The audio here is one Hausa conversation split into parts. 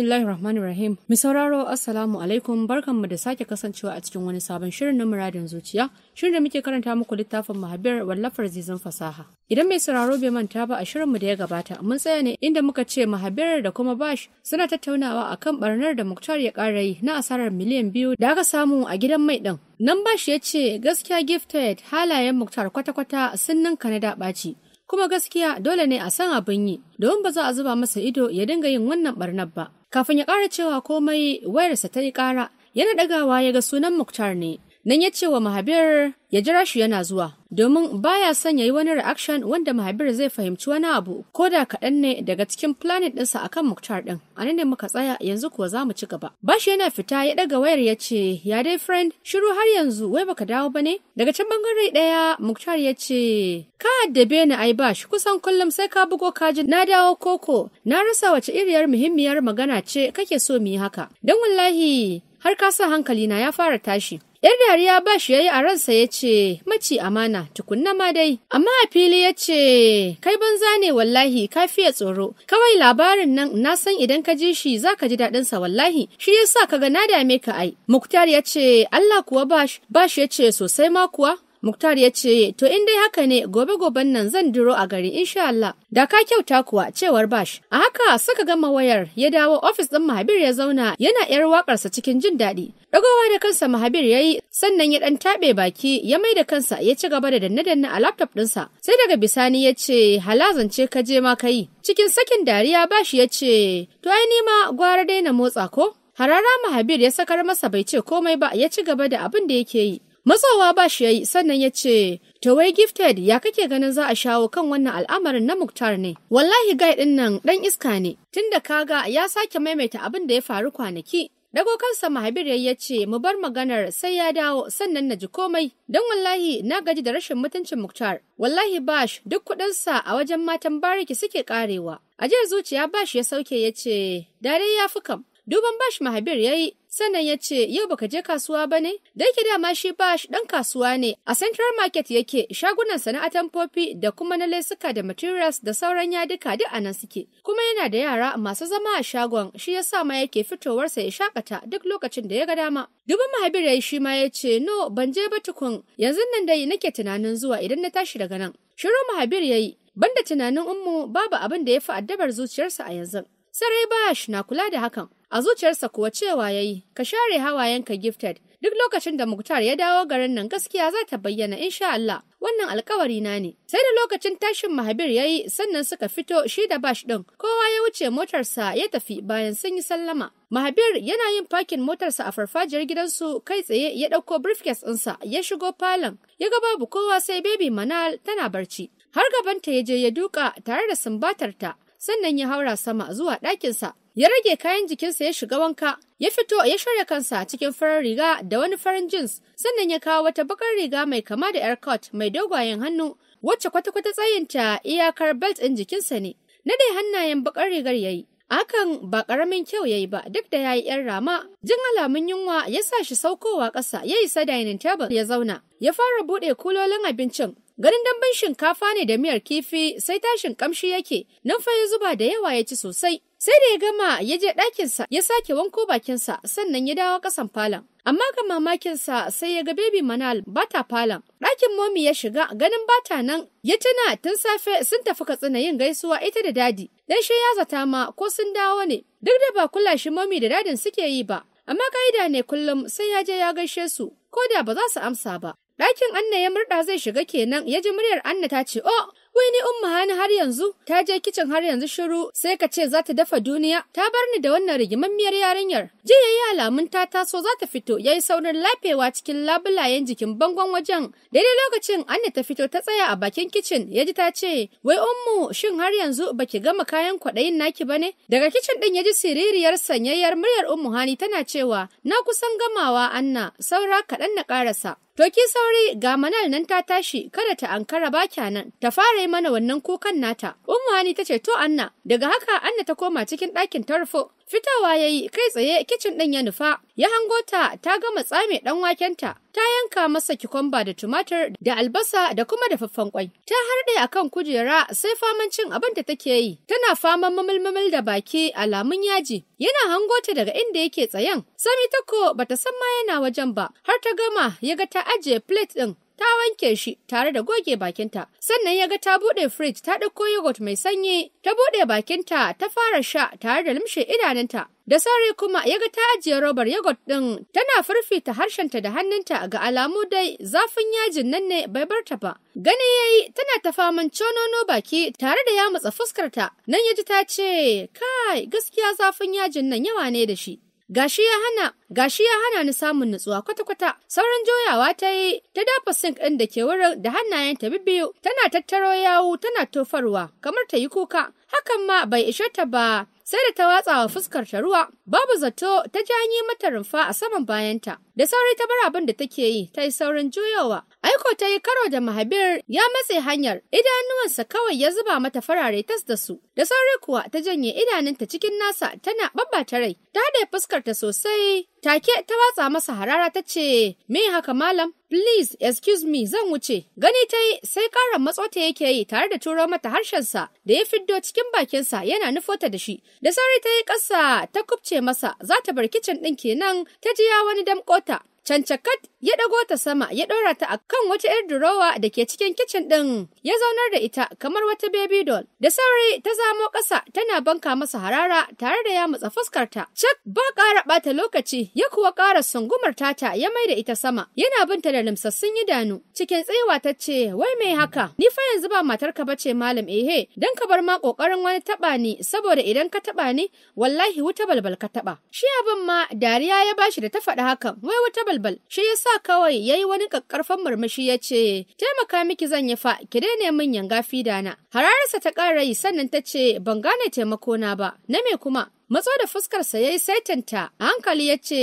Bismillahir Rahmanir Rahim. Mu sauraro Assalamu alaikum barkanmu da sake kasancewa a cikin wani sabon shirin na muradin zuciya. Shirin da muke karanta muku littafin Mahabir wallafar zizan fasaha. Idan mai sauraro bai manta ba a shirinmu da ya gabata mun tsaya ne inda muka ce Mahabir da kuma Bash suna tattaunawa akan barnar da Muktar ya kara yi na asarar miliyan biyu da aka samu a gidan mai ɗin. Nan Bash ya ce gaskiya gifted halayen Muktar kwata-kwata sun ninka na da ɓaci. kuma gaskiya dole ne a san abin yi domin ba za a zuba masa ido ya dinga yin wannan barnar ba Kafin ya ƙara cewa komai wayarsa ta yi ƙara, yana ɗagawa ya ga sunan Muktar ne. Nan ya ce wa Mahabir ya jira shi yana zuwa, domin baya son ya yi wani reaction wanda Mahabir zai fahimci wani abu ko da kaɗan ne daga cikin planet ɗinsa akan Muktar ɗin. A nan ne muka tsaya yanzu kuwa za mu ci gaba. Bashi yana fita ya ɗaga wayar ya ce, ya dai friend, shiru har yanzu wai baka dawo ba ne? Daga can bangare ɗaya Muktar ya ce, ka addabe ni ai bashi kusan kullum sai ka bugo kaji na dawo koko, na rasa wace iriyar muhimmiyar magana ce kake so mu yi haka. Don wallahi har ka sa hankali na ya fara tashi. Yar dariya ba shi yayi a ransa ya ce, Maci amana, tukunna ma dai. Amma a fili ya ce, Kai banza ne wallahi, ka fiye tsoro. Kawai labarin nan na san idan ka ji shi za ka ji sa wallahi, shi ya sa ka ga na dame ka ai. Muktar ya ce, Allah kuwa ba shi ya ce sosai ma kuwa, Muktar ya ce, To in dai haka ne gobe-goben nan zan duro a gari insha Allah. Da ka kyauta kuwa cewar Bash. A haka suka gama wayar ya dawo ofis ɗin Mahabir ya zauna yana ‘yar waƙarsa cikin jin daɗi. Ɗagowa da kansa Mahabir ya yi sannan ya ɗan taɓe baki ya mai da kansa ya ci gaba da danne-danne a laptop ɗinsa. Sai daga bisani ya ce halazance ka je ma ka yi. Cikin sakin dariya Bash ya ce, To ai ni ma gwara daina motsa ko? Harara Mahabir ya sakar masa bai ce komai ba ya ci gaba da abin da yake yi. Matsowa ba shi ya yi sannan ya ce, To wai gifted ya kake ganin za a shawo kan wannan al'amarin na Muktar ne. Wallahi gai ɗin nan ɗan iska ne, tunda kaga ya sake maimaita abin da ya faru kwanaki. Dago kansa Mahabir ya ce mu bar maganar sai ya dawo sannan na ji komai don wallahi na gaji da rashin mutuncin Muktar. Wallahi Bash duk kudinsa a wajen matan bariki suke karewa. a jiyar zuciya Bash ya sauke ya ce dare ya fi kam Duban Bash Mahabir ya yi, sannan ya ce, Yau baka je kasuwa ba ne? Da yake dama shi Bash ɗan kasuwa ne, a Central Market yake shagunan sana'a popi da kuma na lesuka da materials da sauran yadika duk a nan suke. Kuma yana da yara masu zama a shagon, shi yasa ma yake fitowarsa ya shakata duk lokacin da ya ga dama. Duban Mahabir ya yi shi ma ya ce, No, ban je ba tukun, yanzu nan dai nake tunanin zuwa idan na tashi daga nan. Shiru Mahabir ya yi, banda tunanin ummu babu abin da ya fi addabar zuciyarsa a yanzu. Sarai Bash na kula da hakan. a zuciyarsa kuwa cewa ya yi ka share hawayenka gifted duk lokacin da Muktar ya dawo garin nan gaskiya za ta bayyana insha Allah wannan alkawari na ne sai da lokacin tashin Mahabir ya yi sannan suka fito shi da Bash ɗin. kowa ya wuce motarsa ya tafi bayan sun yi sallama Mahabir yana yin fakin motarsa a farfajiyar gidansu kai tsaye ya ɗauko briefcase ɗinsa ya shigo falon ya ga babu kowa sai baby Manal tana barci har gabanta ya je ya duka tare da sumbatarta sannan ya haura sama zuwa ɗakinsa ya rage kayan jikinsa ya shiga wanka ya fito ya shirya kansa cikin farar riga da wani farin jeans sannan ya kawo wata bakar riga mai kama da yar coat mai dogayen hannu wacce kwata-kwata tsayinta iyakar belt ɗin jikinsa ne na dai hannayen bakar rigar yayi Akan ba ƙaramin kyau ya yi ba duk da ya yi ‘yan rama. Jin alamun yunwa ya sa shi saukowa ƙasa ya isa dining table ya zauna. Ya fara buɗe kulolin abincin. Ganin damben shinkafa ne da miyar kifi sai tashin ƙamshi yake. fa ya zuba da yawa ya ci sosai. Sai da ya gama ya je ɗakinsa ya sake wanko bakinsa sannan ya dawo ƙasan falon. Amma ga mamakinsa sai ya ga bebi manal bata ta falon. Ɗakin momi ya shiga ganin bata nan ya tuna tun safe sun tafi katsina yin gaisuwa ita da dadi. dan shi ya zata ma ko sun dawo ne duk da ba kula shi mami da dadin suke yi ba amma ka'ida ne kullum sai ya je ya gaishe su ko da ba za su amsa ba ɗakin anna ya murɗa zai shiga kenan ya ji muryar anna ta ce oh wai ni umma hani har yanzu ta je kicin har yanzu shiru sai ka ce za ta dafa duniya ta bar ni da wannan rigimammiyar yarinyar jiya yi alamun ta taso za ta fito ya yi saurin lafewa cikin labulayen jikin bangon wajen daidai lokacin an ta fito ta tsaya a bakin kicin ya ji ta ce wai ummu shin har yanzu baki gama kayan kwaɗayin naki ba ne daga kicin ɗin ya ji siririyar sanyayyar muryar ummu hani tana cewa na kusan gamawa anna saura kaɗan na ƙarasa To ki sauri ga manal nan ta tashi kada ta ankara ba kyanan ta fara yi mana wannan kukan nata. Umma ta ce to Anna daga haka Anna ta koma cikin ɗakin tarfo Fitawa ya yi kai tsaye kicin ɗin ya nufa, ya hango ta ta gama tsame ɗan wakenta, ta yanka masa kikomba da tumatir da albasa da kuma dafaffen kwai. Ta harɗe a kan kujera sai faman cin abin da take yi, tana faman mamulmamul da baki alamun yaji. Yana hango ta daga inda yake tsayen, Sami tako bata san ma yana wajen ba, har ta gama ya ga ta ajiye plate ɗin ta wanke shi tare da goge bakinta sannan ya ga ta buɗe firij ta ɗauko yogurt mai sanyi ta buɗe bakinta ta fara sha tare da limshe idanunta da sauri kuma ya ga ta ajiye robar yogurt ɗin tana furfita harshenta da hannunta ga alamu dai zafin yajin nan ne bai bar ta ba gani yayi tana ta faman conono baki tare da ya matsa fuskarta nan ya ji ta ce kai gaskiya zafin yajin nan yawa ne da shi gashi ya hana gashi ya hana ni samun nutsuwa kwata-kwata sauran joyawa ta yi ta dafa sink ɗin da ke wurin da hannayen ta bibbiyu tana tattaro yawu tana tofarwa kamar ta yi kuka hakan ma bai ishe ta ba sai da ta watsa wa fuskar ta ruwa babu zato ta janyi mata rumfa a saman bayanta Da sauri ta bar abin da take yi, ta yi saurin juyowa. Aiko ta yi karo da mahabir ya matse hanyar, idanuwansa kawai ya zuba mata farare tas da su. Da sauri kuwa ta janye idanunta cikin nasa tana babbata rai, ta haɗe fuskarta sosai. Take ta watsa masa harara ta ce, Me haka malam? Please, excuse me, zan wuce. Gani ta yi sai karan matsota yake yi tare da turo mata harshensa da ya fiddo cikin bakinsa yana nufota da shi. Da sauri ta yi ƙasa ta kubce masa, za ta bar kicin ɗin kenan, ta ji ya wani damƙota Yeah. Cancakat ya ɗago ta sama ya ɗora ta a kan wata 'yar durowa da ke cikin kicin ɗin. Ya zaunar da ita kamar wata baby doll. Da sauri ta zamo ƙasa tana banka masa harara tare da ya matsa fuskarta. Chuck ba ƙara ɓata lokaci ya kuwa ƙara sungumar tata ya mai da ita sama. Yana binta da limsassun idanu. Cikin tsayawa ta ce wai mai haka ni fa yanzu ba matarka ba ce malam ehe dan ka bar ma ƙoƙarin wani taɓa ni saboda idan ka taɓa ni wallahi wuta balbal ka taɓa. Shi abin ma dariya ya bashi da ta faɗi hakan wai wuta balbal balbal shi yasa kawai yayi wani kakkarfan murmushi ya ce taimaka miki zan yi fa ki daina min yanga fida na hararsa ta ƙara yi sannan ta ce ban gane taimako na ba na me kuma matso da fuskarsa ya yi saitanta a hankali ya ce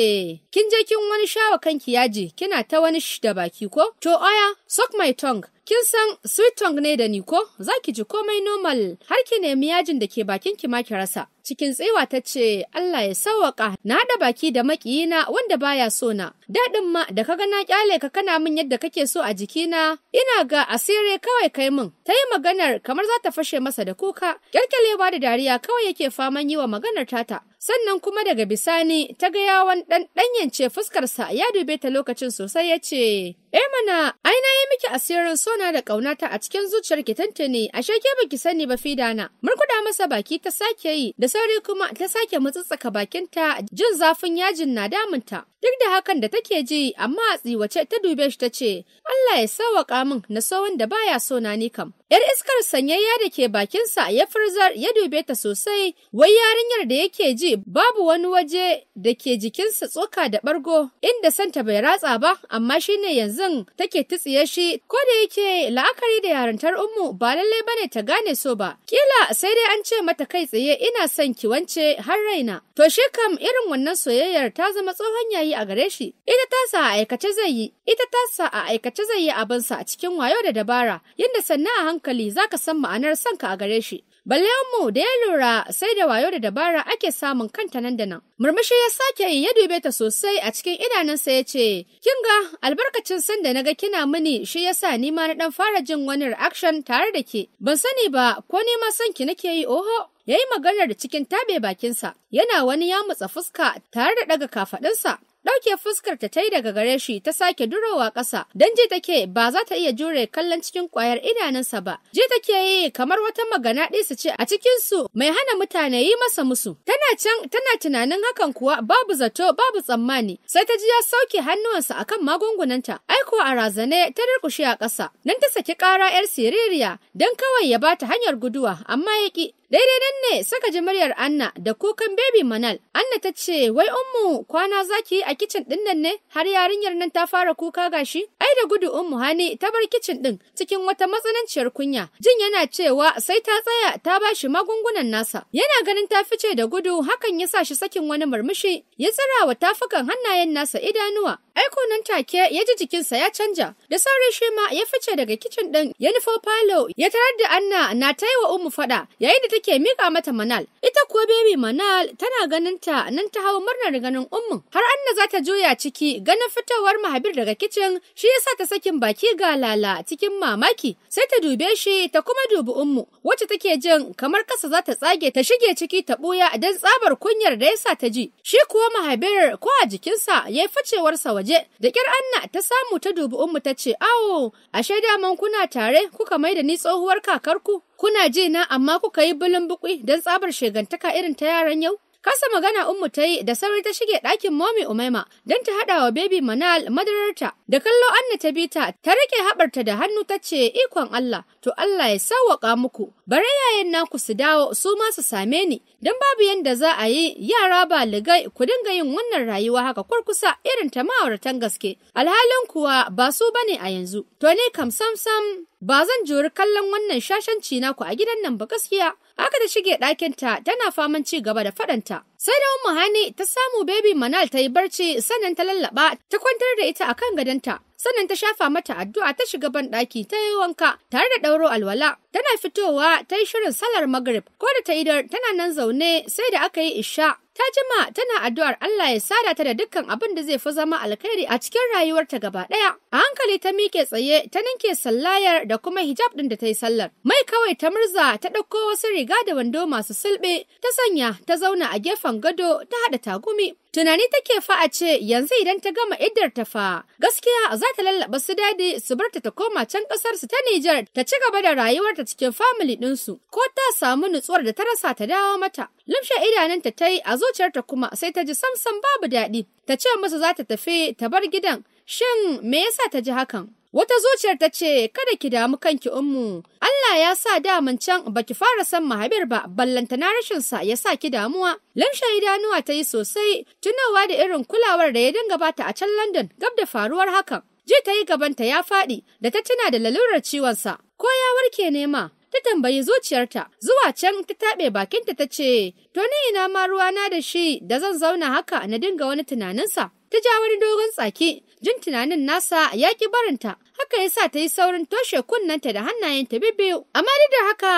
kin je kin wani shawa kanki yaji kina ta wani shi da baki ko to aya suck my tongue Kin san sweet tongue ne da ni ko? Za ki ji komai normal har ki nemi yajin da ke bakin ki ma ki rasa. Cikin tsewa ta ce Allah ya sawwaka na haɗa baki da makiyina wanda baya so na. Daɗin ma da kaga na kyale ka kana min yadda kake so a jikina ina ga asire kawai kai min. Ta yi maganar kamar za ta fashe masa da kuka. Kyalkyalewa da dariya kawai yake faman yi wa maganar tata. sannan kuma daga bisani ta ga yawon ɗan ɗanyance fuskarsa ya dube ta lokacin sosai ya ce, E mana, ai na yi miki asirin sona da ƙaunata a cikin zuciyar ki tantane, ashe ke baki sani ba fidana. Murkuda masa baki ta sake yi, da sauri kuma ta sake mutsutsaka bakinta jin zafin yajin na damunta. Duk da hakan da take ji, amma a tsiwace ta dube shi ta ce, Allah ya sawaka min na tsohon da baya sona ni kam. Yar iskar sanyayya da ke bakinsa ya furzar ya dube ta sosai, wai yarinyar da yake ji babu wani waje da ke jikinsa tsoka da ɓargo. inda santa bai ratsa ba, amma shine yanzu take tsiye shi ko da yake la'akari da yarantar ummu ba lallai bane ta gane so ba. Kila sai dai an ce mata kai tsaye ina son ki wance har raina. To shi kam irin wannan soyayyar ta zama tsohon yayi a gare shi. Ita ta sa a aikace zai yi, ita ta sa a aikace zai yi abinsa a cikin wayo da dabara, yadda sannan a hankali za ka san ma'anar sanka a gare shi. mu da ya lura sai da wayo da dabara ake samun kanta nan da nan. Murmushi ya sake yi ya dube ta sosai a cikin idanunsa ya ce, Kin ga albarkacin san da naga kina mini shi ya sa ni ma na dan fara jin wani reaction tare da ke. Ban sani ba ko ni ma son ki nake yi oho. Ya yi maganar cikin tabe bakinsa, yana wani ya mutsa fuska tare da ɗaga kafaɗinsa. ɗauke fuskar ta tai daga gare shi ta sake durowa ƙasa don je take ba za ta iya jure kallon cikin ƙwayar idanunsa ba je take yi kamar wata magana su ce a cikin su mai hana mutane yi masa musu tana can tana tunanin hakan kuwa babu zato babu tsammani sai ta ji ya sauke hannuwansa akan magungunanta aiko a razane ta durƙushe a ƙasa nan ta saki kara yar siririya don kawai ya bata hanyar guduwa amma ya ƙi Daidai nan ne saka ji muryar Anna da kukan baby Manal. Anna ta ce, "Wai ummu kwana zaki yi a kicin ɗin nan ne? Har yarinyar nan ta fara kuka gashi?" Ai da gudu ummu Hani ta bar kicin ɗin cikin wata matsananciyar kunya. Jin yana cewa sai ta tsaya ta ba shi magungunan nasa. Yana ganin ta fice da gudu hakan ya sa shi sakin wani murmushi ya tsira wa tafukan hannayen nasa idanuwa. Aiko nan take ya ji jikinsa ya canja. Da sauri shi ma ya fice daga kicin ɗin ya nufo falo ya tarar da Anna na ta yi wa ummu faɗa yayin da take mika mata manal ita kuwa baby manal tana ganin ta nan ta hawa murnar ganin ummin har anna za ta juya ciki ganin fitowar mahabir daga kicin shi yasa ta sakin baki ga lala cikin mamaki sai ta dube shi ta kuma dubi ummu wacce take jin kamar kasa za ta tsage ta shige ciki ta buya dan tsabar kunyar da yasa ta ji shi kuwa mahabir ko a jikinsa ya yi ficewarsa waje da kyar anna ta samu ta dubi ummu ta ce awo ashe daman kuna tare kuka mai da ni tsohuwar kakarku kuna je na amma kuka yi bulun don tsabar shegantaka irin ta yaran yau Kasa magana Ummu ta yi da sauri ta shige ɗakin Momi Umaima don ta haɗa wa Baby Manal madararta. Da kallo Anna ta bi ta, ta rike haɓarta da hannu ta ce ikon Allah, to Allah ya sawwaƙa muku. Bare yayan naku su dawo su ma su same ni, don babu yadda za a yi yara ba ligai ku dinga yin wannan rayuwa haka kurkusa irin ta ma'auratan gaske. Alhalin kuwa ba su bane a yanzu. To ne kam sam sam ba zan juri kallon wannan shashanci naku a gidan nan ba gaskiya. Aka da shige ɗakinta tana faman ci gaba da faɗanta. Sai da umma Hani ta samu baby Manal ta yi barci sannan ta lallaɓa ta kwantar da ita a kan gadonta. Sannan ta shafa mata addu'a ta shiga ban ɗaki ta yi wanka tare da ɗauro alwala. Tana fitowa ta yi shirin salar magrib ko da ta idar tana nan zaune sai da aka yi isha Ta jima tana addu'ar Allah ya sada ta da dukkan abin da zai fi zama alkhairi a cikin rayuwarta gaba ɗaya. A hankali ta miƙe tsaye ta ninke sallayar da kuma hijab ɗin da ta yi sallar. Mai kawai ta murza ta ɗauko wasu riga da wando masu sulɓe ta sanya ta zauna a gefen gado ta haɗa tagumi. Tunani take fa a ce yanzu idan ta gama idar ta fa gaskiya za ta lallaba su dadi su bar ta ta koma can kasar su ta Nijar ta ci gaba da rayuwarta cikin family ɗinsu ko ta samu nutsuwar da ta rasa ta dawo mata. Lumshe idanunta ta yi a zuciyarta kuma sai ta ji samsam babu daɗi ta ce musu za ta tafi ta bar gidan shin me yasa ta ji hakan? Wata zuciyar ta ce, Kada ki damu kanki ummu, Allah ya sa daman can ba ki fara san mahabir ba, ballantana rashin sa ya sa ki damuwa. Lamshe idanuwa ta yi sosai, tunawa da irin kulawar da ya dinga bata a can London gab da faruwar hakan. Ji ta yi gabanta ya faɗi da ta tuna da lalurar ciwonsa, ko ya warke nema. Ta tambayi zuciyarta, zuwa can ta taɓe bakinta ta ce, To ni ina ma ruwana da shi da zan zauna haka na dinga wani tunaninsa. Ta ja wani dogon tsaki, Jin tunanin nasa ya ƙi barinta, haka ya sa ta yi saurin toshe kunnanta da hannayenta bibbiyu. Amma duk da haka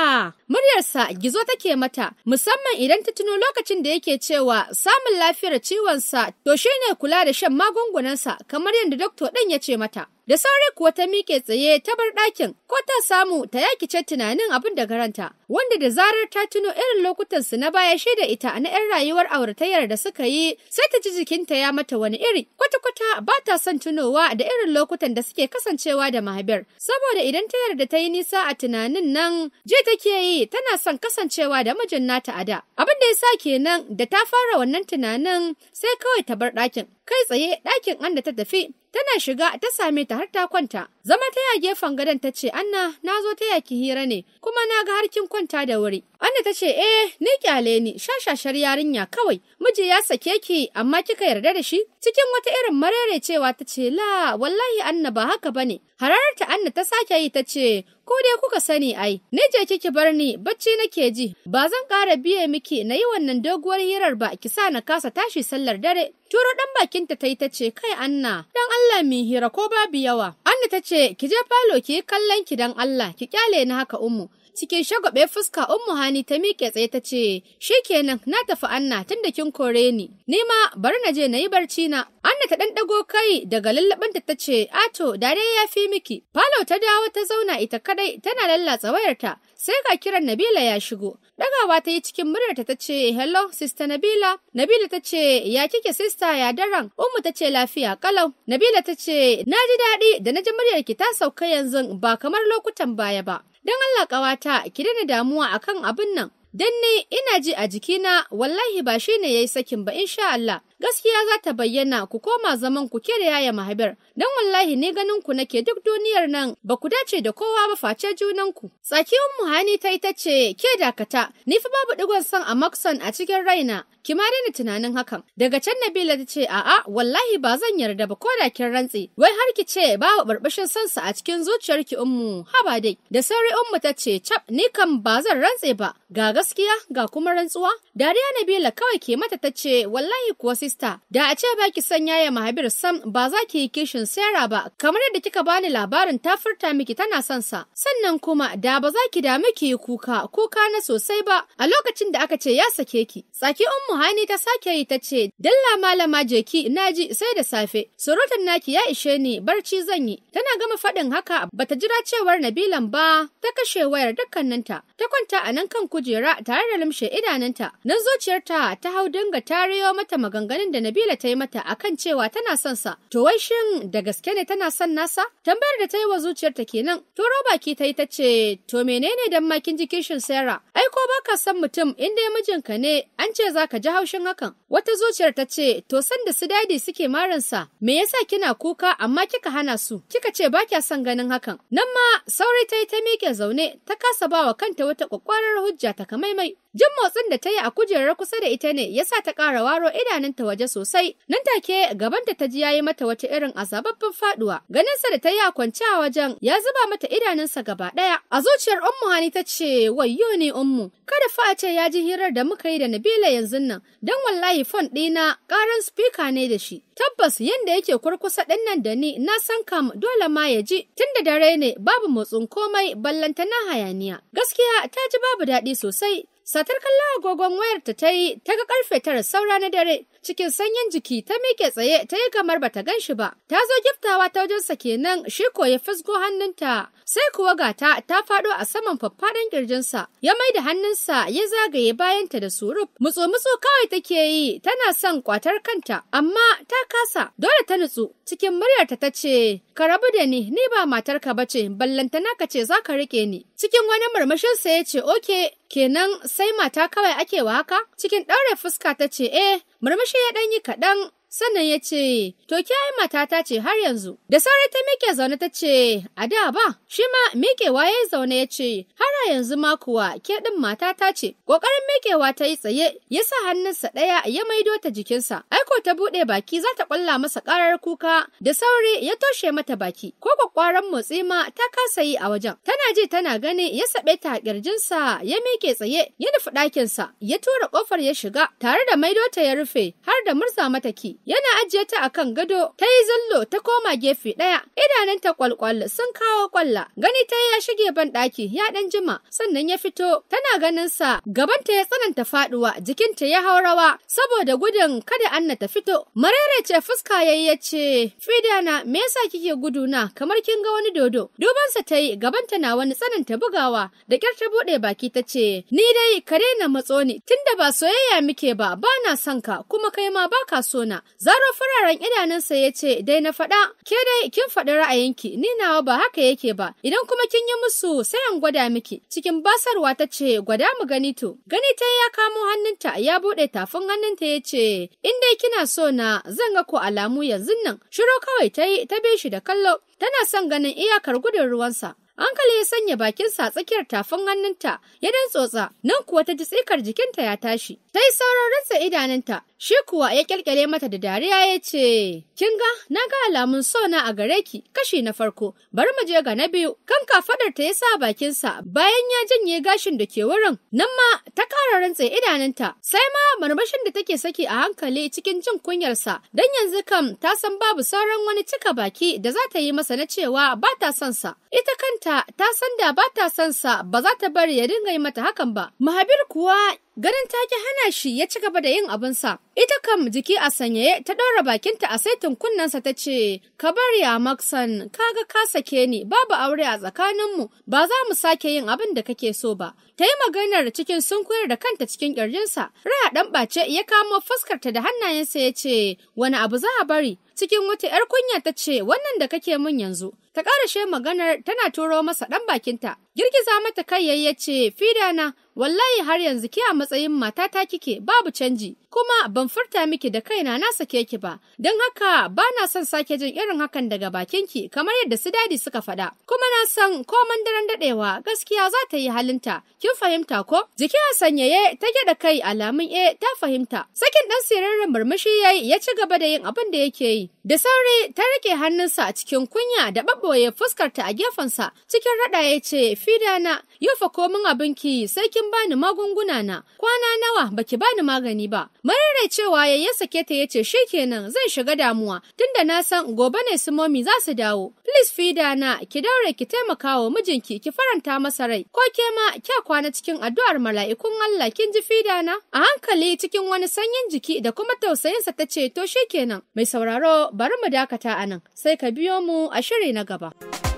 muryarsa gizo take mata musamman idan ta tuno lokacin da yake cewa samun lafiyar ciwon sa to ne kula da shan magungunansa kamar yadda doktor ɗin ya ce mata. Da sauri kuwa ta miƙe tsaye ta bar ɗakin ko ta samu ta yakice tunanin abin da garanta wanda da zarar ta tuno irin lokutan su na baya shaida ita na 'yan rayuwar auratayyar da suka yi sai ta ji jikinta ya mata wani iri kwata-kwata ba ta son tunowa da irin lokutan da suke kasance amincewa da Mahabir, saboda idan ta yarda ta yi nisa a tunanin nan je take yi tana son kasancewa da mijin nata a da. Abin da ya sa kenan da ta fara wannan tunanin sai kawai ta bar ɗakin. kai tsaye ɗakin da ta tafi tana shiga ta same ta har ta kwanta zama ta ya gefen gadon ta ce Anna na zo ta yaki hira ne kuma na ga harkin kwanta da wuri Anna ta ce eh ni kyale ni shashashar yarinya kawai miji ya sake ki amma kika yarda da shi cikin wata irin marere cewa ta ce la wallahi Anna ba haka bane Hararar Anna ta sake yi ta ce, Ko dai kuka sani ai, ni je kiki bar ni, bacci nake ji, ba zan ƙara biye miki na yi wannan doguwar hirar ba, ki sa na kasa tashi sallar dare. Turo ɗan bakinta ta tai ta ce, Kai Anna, dan Allah mi hira ko babu yawa. Anna ta ce, Ki je falo ki yi kallon ki dan Allah, ki kyale ni haka umu. Cikin shagwabe fuska Ummu Hani ta miƙe tsaye ta ce, "Shikenan na tafi Anna tun da kin kore ni, ni ma bari na je na yi barci na." Anna ta ɗan ɗago kai daga lallaɓin ta ce, "Ato, dare ya fi miki." Falo ta dawo ta zauna ita kadai tana lallatsa wayarta. sai ga kiran Nabila ya shigo. ɗagawa ta yi cikin muryarta ta ce, Hello, Sista Nabila. Nabila ta ce, Ya kike Sista ya daren? Umu ta ce lafiya kalau. Nabila ta ce, Na ji daɗi da na ji muryarki ta sauka yanzu ba kamar lokutan baya ba. don Allah ƙawata ki daina damuwa akan abin nan. Dan ni, ina ji a jikina wallahi ba shi ne ya yi sakin ba insha Allah. gaskiya za ta bayyana ku koma zaman ku ke da yaya mahabir don wallahi ne ganin ku nake duk duniyar nan ba ku dace da kowa ba face junan ku tsaki ummu hani ta ita ce ke dakata ni fa babu digon son a makson a cikin raina ki ma daina tunanin hakan daga can nabila ta ce a'a wallahi ba zan yarda ba ko da kin rantsi wai har ki ce babu barbashin sansa a cikin zuciyarki ummu haba dai da sauri Umu ta ce cap ni kam ba zan rantse ba ga gaskiya ga kuma rantsuwa dariya nabila kawai ke mata ta ce wallahi kuwa sai barista da a ce baki son ya mahabir sam ba za ki yi kishin sera ba kamar yadda kika bani labarin ta furta miki tana son sa sannan kuma da ba za ki damu ki yi kuka kuka na sosai ba a lokacin da aka ce ya sake ki tsaki ummu hani ta sake yi ta ce dalla malama jeki naji sai da safe surutan naki ya ishe ni barci zan yi tana gama faɗin haka bata jira cewar nabilan ba ta kashe wayar dukkaninta ta kwanta a nan kan kujera tare da lumshe idanunta nan zuciyarta ta hau dinga tariyo mata maganganu tunanin da Nabila ta yi mata akan cewa tana son sa. To wai shin da gaske ne tana son nasa? Tambayar da ta yi wa zuciyarta kenan. To roba ki ta yi ta ce, to menene dan makin kishin Sarah? Ai ko baka son mutum inda ya mijinka ne an ce zaka ji haushin hakan. Wata zuciyar ta ce, to san da su dadi suke sa me yasa kina kuka amma kika hana su? Kika ce ba kya son ganin hakan. Nan ma saurayi ta yi ta miƙe zaune ta kasa ba wa kanta wata kwakwarar hujja ta kamaimai. Jin motsin da ta yi a kujerar kusa da ita ne ya sa ta ƙara waro idanunta waje sosai. Nan take gabanta ta ji ya yi mata wata irin faduwa. faɗuwa. Ganinsa da ta yi a kwance a wajen ya zuba mata idanunsa gaba ɗaya. A zuciyar Ummu Hani ta ce wayyo ne Ummu. Kada fa a ce ya ji hirar da muka yi da Nabila yanzu nan. don wallahi fon ɗina ƙaran spika ne da shi. Tabbas yadda yake kurkusa ɗin nan da ni na san kam dole ma ya ji tun da dare ne babu motsin komai ballanta na hayaniya. Gaskiya ta ji babu daɗi sosai Satar kallon agogon wayarta ta yi ta ga karfe tara saura na dare cikin sanyin jiki ta miƙe tsaye ta yi kamar bata gan shi ba. Ta zo giftawa ta wajensa kenan shi ko ya fisgo hannunta. Sai kuwa gata ta faɗo a saman faffaɗan ƙirjinsa. Ya mai da hannunsa ya zagaye bayanta da suruf. Mutsu-mutsu kawai take yi tana son kwatar kanta amma ta kasa dole ta nutsu cikin muryarta ta ce ka rabu da ni ni ba matarka ba ce ballantana ka ce za ka riƙe ni. Cikin wani murmushinsa ya ce oke kenan sai mata kawai ake wa haka? Cikin ɗaure fuska ta ce eh Murmushi ya ɗanyi kaɗan sannan ya ce, To ki ai matata ce har yanzu. Da sauri ta mike zaune ta ce, A da ba, shi ma miƙewa ya zaune ya ce, Har a yanzu ma kuwa ke ɗin matata ce. Ƙoƙarin mikewa ta yi tsaye, ya sa hannunsa ɗaya ya maido ta jikinsa. Aiko ta buɗe baki za ta ƙwalla masa ƙarar kuka, da sauri ya toshe mata baki. Ko ƙwaƙwaran motsi ma ta kasa yi a wajen. Tana ji tana gani ya saɓe ta a ƙirjinsa, ya miƙe tsaye, ya nufi ɗakinsa, ya tura ƙofar ya shiga, tare da maido ta ya rufe, har da murza mata ki. yana ajiye ta akan gado ta yi zallo ta koma gefe ɗaya idanunta kwalkwal sun kawo kwalla gani ta ya shige ban ɗaki ya ɗan jima sannan ya fito tana ganin sa gabanta ya tsananta faɗuwa jikinta ya haurawa saboda gudun kada Anna ta fito marere ce fuska yayi ya ce Fidana me yasa kike gudu na kamar kin ga wani dodo dubansa ta yi gabanta na wani tsananta bugawa da ƙyar ta buɗe baki ta ce ni dai ka daina matso ni tunda ba soyayya muke ba ba na son ka kuma kai ma ba ka so na Zaro fararen idanunsa ya ce, dai na faɗa, ke dai kin faɗi ra'ayinki, ni nawa ba haka yake ba, idan kuma kin yi musu sai an gwada miki. Cikin basarwa ta ce, gwada mu gani to. Gani ta ya kamo hannunta ya buɗe tafin hannunta ya ce, in dai kina so na zan ga ku alamu yanzu nan. Shiro kawai ta yi ta bi shi da kallo, tana son ganin iyakar gudun ruwansa. Hankali ya sanya bakinsa a tsakiyar tafin hannunta, ya dan tsotsa, nan kuwa ta ji tsikar jikinta ya tashi. Ta yi sauran rantsa idanunta, shi kuwa ya kyalkyale mata da dariya ya ce, Kin ga, na ga alamun so na a gare ki, kashi na farko, bari mu je ga na biyu. Kan kafadar ta ya sa bakinsa bayan ya janye gashin da ke wurin, nan ma ta kara rantsa idanunta, sai ma marmashin da take saki a hankali cikin jin kunyarsa, dan yanzu kam ta san babu sauran wani cika baki da za ta yi masa na cewa ba ta son sa. Ita kanta ta san da ba ta son sa ba za ta bari ya dinga yi mata hakan ba. Mahabir kuwa Ganin take hana shi ya ci gaba da yin sa. Ita kam jiki a sanyaye ta ɗora bakinta a saitin kunnensa ta ce, Ka bari ya Maxon, kaga ka sake ni, babu aure a tsakaninmu, ba za mu sake yin abin da kake so ba. Ta yi maganar cikin sunkuyar da kanta cikin ƙirjinsa, Raya ɗan ɓace ya kamo fuskarta da hannayensa ya ce, Wani abu za a bari? Cikin wata ‘yar kunya ta ce, Wannan da kake min yanzu. ta ƙarashe maganar tana turo masa ɗan bakinta Girgiza mata kai ya ce, Fida na, wallahi har yanzu ke a matsayin matata kike babu canji, kuma ban furta miki da kaina na sake ki ba don haka ba na son sake jin irin hakan daga bakin ki kamar yadda su dadi suka faɗa kuma na san ko daren daɗewa gaskiya za ta yi halinta kin fahimta ko jiki a sanyaye ta gyaɗa kai alamun e ta fahimta sakin ɗan siririn murmushi yayi ya ci gaba da yin abin da yake yi da sauri ta rike hannunsa a cikin kunya da ɓaɓɓoye fuskarta a gefensa cikin raɗa ya ce fidana yau fa komin abinki sai kin bani magunguna na kwana nawa baki bani magani ba Marirai cewa ya ya sake ta yace kenan zan shiga damuwa tunda na san gobe ne su momi za su dawo. Please fida na ki daure ki taimaka wa mijinki ki faranta masa rai ko ke ma kya kwana cikin addu'ar mala'ikun Allah kin ji fida na? A hankali cikin wani sanyin jiki da kuma tausayinsa ta ce to kenan mai sauraro bari mu dakata anan sai ka biyo mu a shiri na gaba.